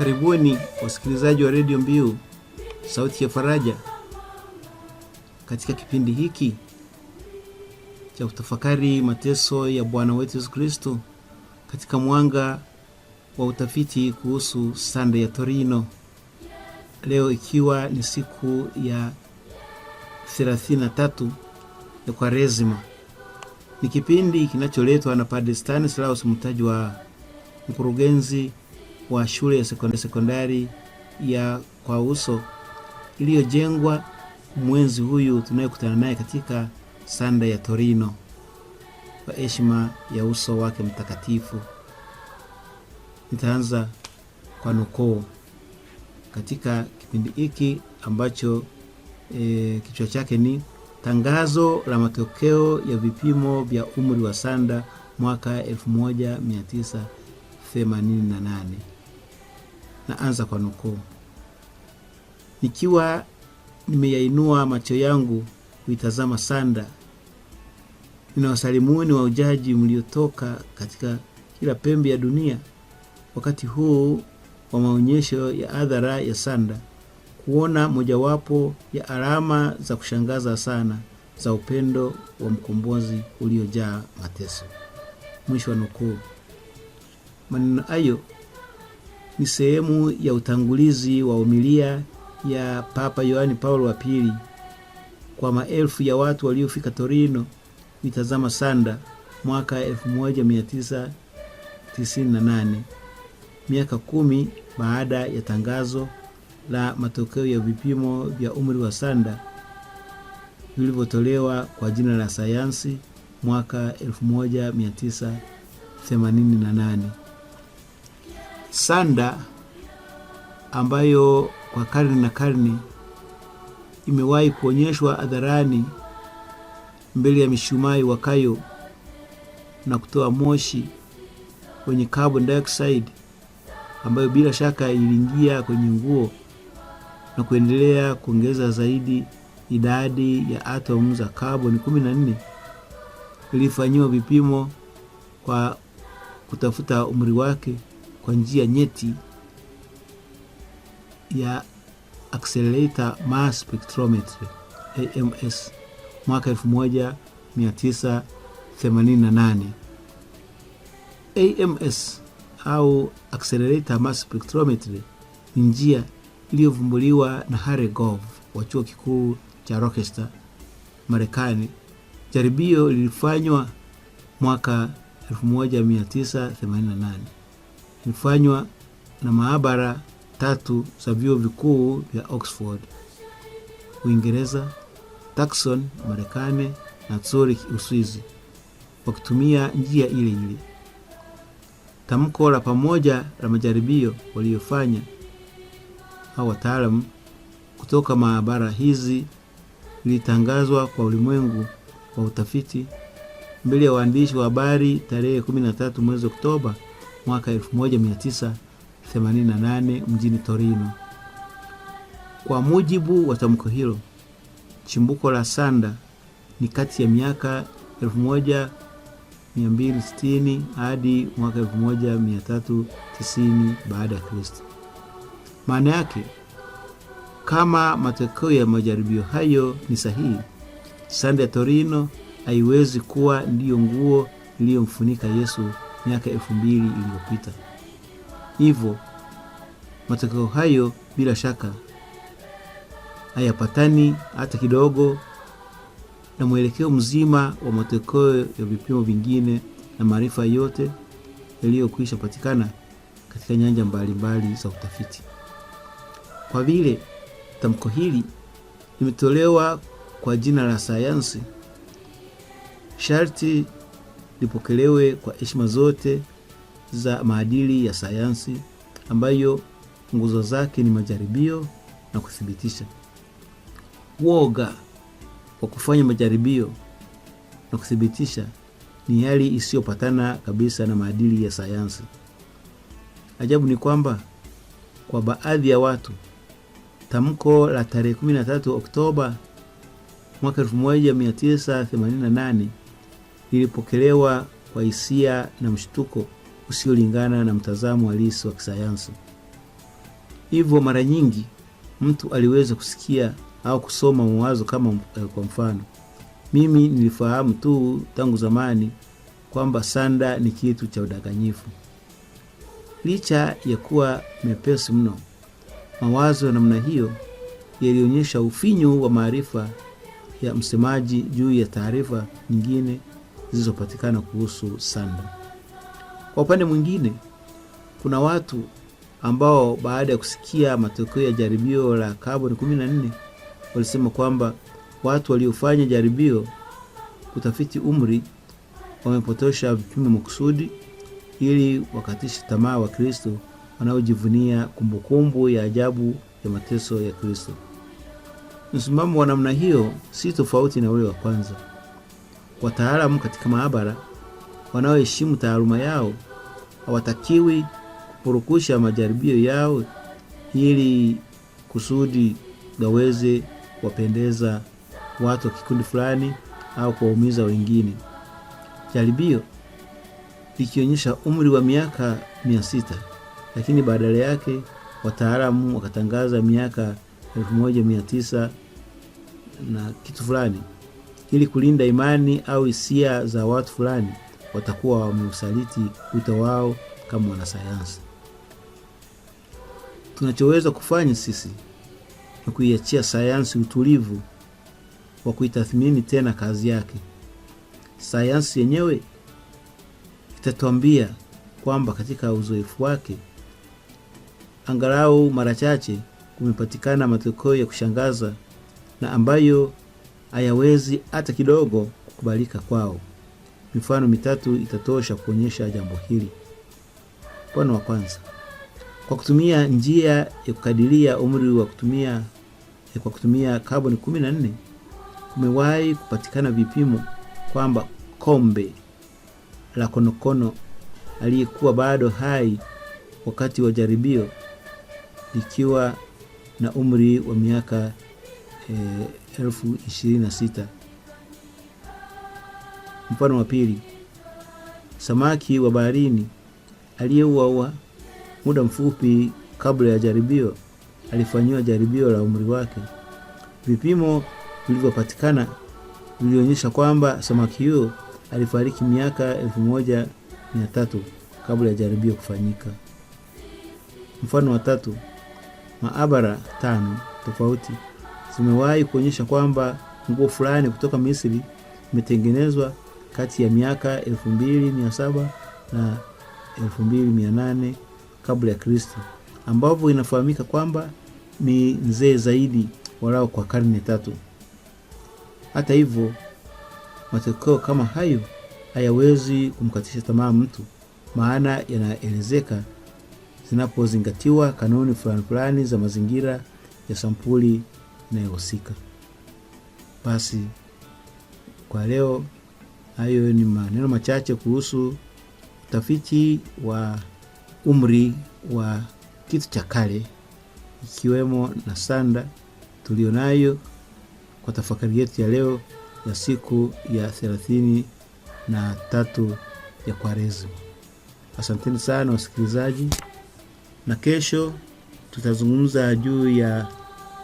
Karibuni wasikilizaji wa redio Mbiu sauti ya Faraja katika kipindi hiki cha kutafakari mateso ya Bwana wetu Yesu Kristo katika mwanga wa utafiti kuhusu Sande ya Torino, leo ikiwa ni siku ya 33 ya kwarezima Ni kipindi kinacholetwa na slaus mtaji wa mkurugenzi wa shule ya sekondari ya kwa uso iliyojengwa mwenzi huyu tunayekutana naye katika sanda ya Torino kwa heshima ya uso wake mtakatifu. Nitaanza kwa nukuu katika kipindi hiki ambacho e, kichwa chake ni tangazo la matokeo ya vipimo vya umri wa sanda mwaka 1988. Naanza kwa nukuu: nikiwa nimeyainua macho yangu kuitazama sanda, ninawasalimuni ujaji mliotoka katika kila pembe ya dunia. Wakati huu wa maonyesho ya hadhara ya sanda, kuona mojawapo ya alama za kushangaza sana za upendo wa mkombozi uliojaa mateso. Mwisho wa nukuu. Maneno hayo ni sehemu ya utangulizi wa homilia ya Papa Yohani Paulo wa pili kwa maelfu ya watu waliofika Torino kuitazama sanda mwaka 1998 miaka kumi baada ya tangazo la matokeo ya vipimo vya umri wa sanda vilivyotolewa kwa jina la sayansi mwaka 1988 sanda ambayo kwa karne na karne imewahi kuonyeshwa hadharani mbele ya wa kayo na kutoa moshi kwenye carbon dioxide ambayo bila shaka iliingia kwenye nguo na kuendelea kuongeza zaidi idadi ya atom za carbon 14 ilifanyiwa vipimo kwa kutafuta umri wake kwa njia nyeti ya accelerator mass spectrometry AMS mwaka 1988. AMS au accelerator mass spectrometry ni njia iliyovumbuliwa na Harry Gove wa chuo kikuu cha Rochester, Marekani. Jaribio lilifanywa mwaka 1988 ilifanywa na maabara tatu za vyuo vikuu vya Oxford Uingereza, Tucson Marekani na Zurich Uswizi, wakitumia njia ile ile. Tamko la pamoja la majaribio waliyofanya au wataalamu kutoka maabara hizi lilitangazwa kwa ulimwengu wa utafiti mbele ya waandishi wa habari tarehe 13 mwezi Oktoba mwaka 1988 mjini Torino. Kwa mujibu wa tamko hilo, chimbuko la sanda ni kati ya miaka 1260 hadi mwaka 1390 baada ya Kristo. Maana yake kama matokeo ya majaribio hayo ni sahihi, sanda ya Torino haiwezi kuwa ndiyo nguo iliyomfunika Yesu miaka elfu mbili iliyopita. Hivyo matokeo hayo bila shaka hayapatani hata kidogo na mwelekeo mzima wa matokeo ya vipimo vingine na maarifa yote yaliyokwisha patikana katika nyanja mbalimbali mbali za utafiti. Kwa vile tamko hili limetolewa kwa jina la sayansi, sharti lipokelewe kwa heshima zote za maadili ya sayansi ambayo nguzo zake ni majaribio na kuthibitisha. Woga wa kufanya majaribio na kuthibitisha ni hali isiyopatana kabisa na maadili ya sayansi. Ajabu ni kwamba kwa baadhi ya watu tamko la tarehe 13 Oktoba mwaka 1988 lilipokelewa kwa hisia na mshtuko usiolingana na mtazamo halisi wa kisayansi. Hivyo mara nyingi mtu aliweza kusikia au kusoma mawazo kama eh, kwa mfano, mimi nilifahamu tu tangu zamani kwamba sanda ni kitu cha udanganyifu. Licha ya kuwa mepesi mno, mawazo ya namna hiyo yalionyesha ufinyu wa maarifa ya msemaji juu ya taarifa nyingine zilizopatikana kuhusu sanda. Kwa upande mwingine, kuna watu ambao baada ya kusikia matokeo ya jaribio la kaboni 14 walisema kwamba watu waliofanya jaribio kutafiti umri wamepotosha vipimo makusudi ili wakatishe tamaa wa Kristo wanaojivunia kumbukumbu ya ajabu ya mateso ya Kristo. Msimamo wa namna hiyo si tofauti na ule wa kwanza. Wataalamu katika maabara wanaoheshimu taaluma yao hawatakiwi kupurukusha majaribio yao ili kusudi gaweze kuwapendeza watu wa kikundi fulani au kuwaumiza wengine. Jaribio likionyesha umri wa miaka mia sita lakini badala yake wataalamu wakatangaza miaka elfu moja mia tisa na kitu fulani ili kulinda imani au hisia za watu fulani, watakuwa wameusaliti wito wao kama wanasayansi. Tunachoweza kufanya sisi ni kuiachia sayansi utulivu wa kuitathmini tena kazi yake. Sayansi yenyewe itatwambia kwamba katika uzoefu wake angalau mara chache kumepatikana matokeo ya kushangaza na ambayo hayawezi hata kidogo kukubalika kwao. Mifano mitatu itatosha kuonyesha jambo hili. Mfano wa kwanza, kwa kutumia njia ya kukadiria umri wa kutumia kwa kutumia kaboni 14 kumewahi kupatikana vipimo kwamba kombe la konokono aliyekuwa bado hai wakati wa jaribio likiwa na umri wa miaka Eh, elfu ishirini na sita. Mfano wa pili, samaki wa baharini aliyeuawa muda mfupi kabla ya jaribio alifanyiwa jaribio la umri wake. Vipimo vilivyopatikana vilionyesha kwamba samaki huyo alifariki miaka elfu moja mia tatu kabla ya jaribio kufanyika. Mfano wa tatu, maabara tano tofauti zimewahi kuonyesha kwamba nguo fulani kutoka Misri imetengenezwa kati ya miaka 2700 na 2800 kabla ya Kristo, ambavyo inafahamika kwamba ni nzee zaidi walao kwa karne tatu. Hata hivyo, matokeo kama hayo hayawezi kumkatisha tamaa mtu, maana yanaelezeka zinapozingatiwa kanuni fulani fulani za mazingira ya sampuli inayohusika. Basi kwa leo, hayo ni maneno machache kuhusu utafiti wa umri wa kitu cha kale, ikiwemo na sanda tulionayo kwa tafakari yetu ya leo ya siku ya thelathini na tatu ya kwarezi Asanteni sana wasikilizaji, na kesho tutazungumza juu ya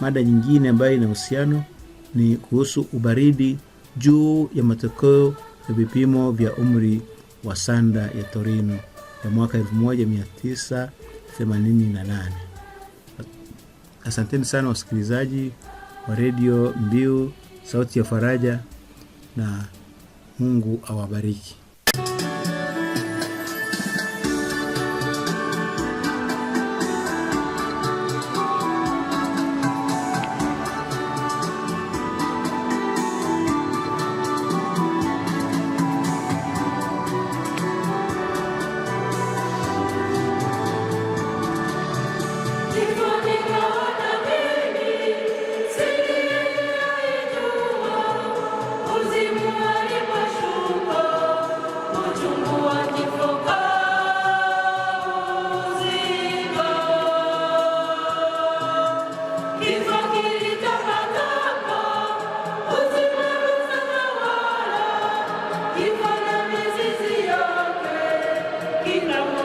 mada nyingine ambayo ina uhusiano ni kuhusu ubaridi juu ya matokeo ya vipimo vya umri wa sanda ya Torino ya mwaka 1988. Asanteni sana wasikilizaji wa redio Mbiu, sauti ya faraja, na Mungu awabariki. aqui não né?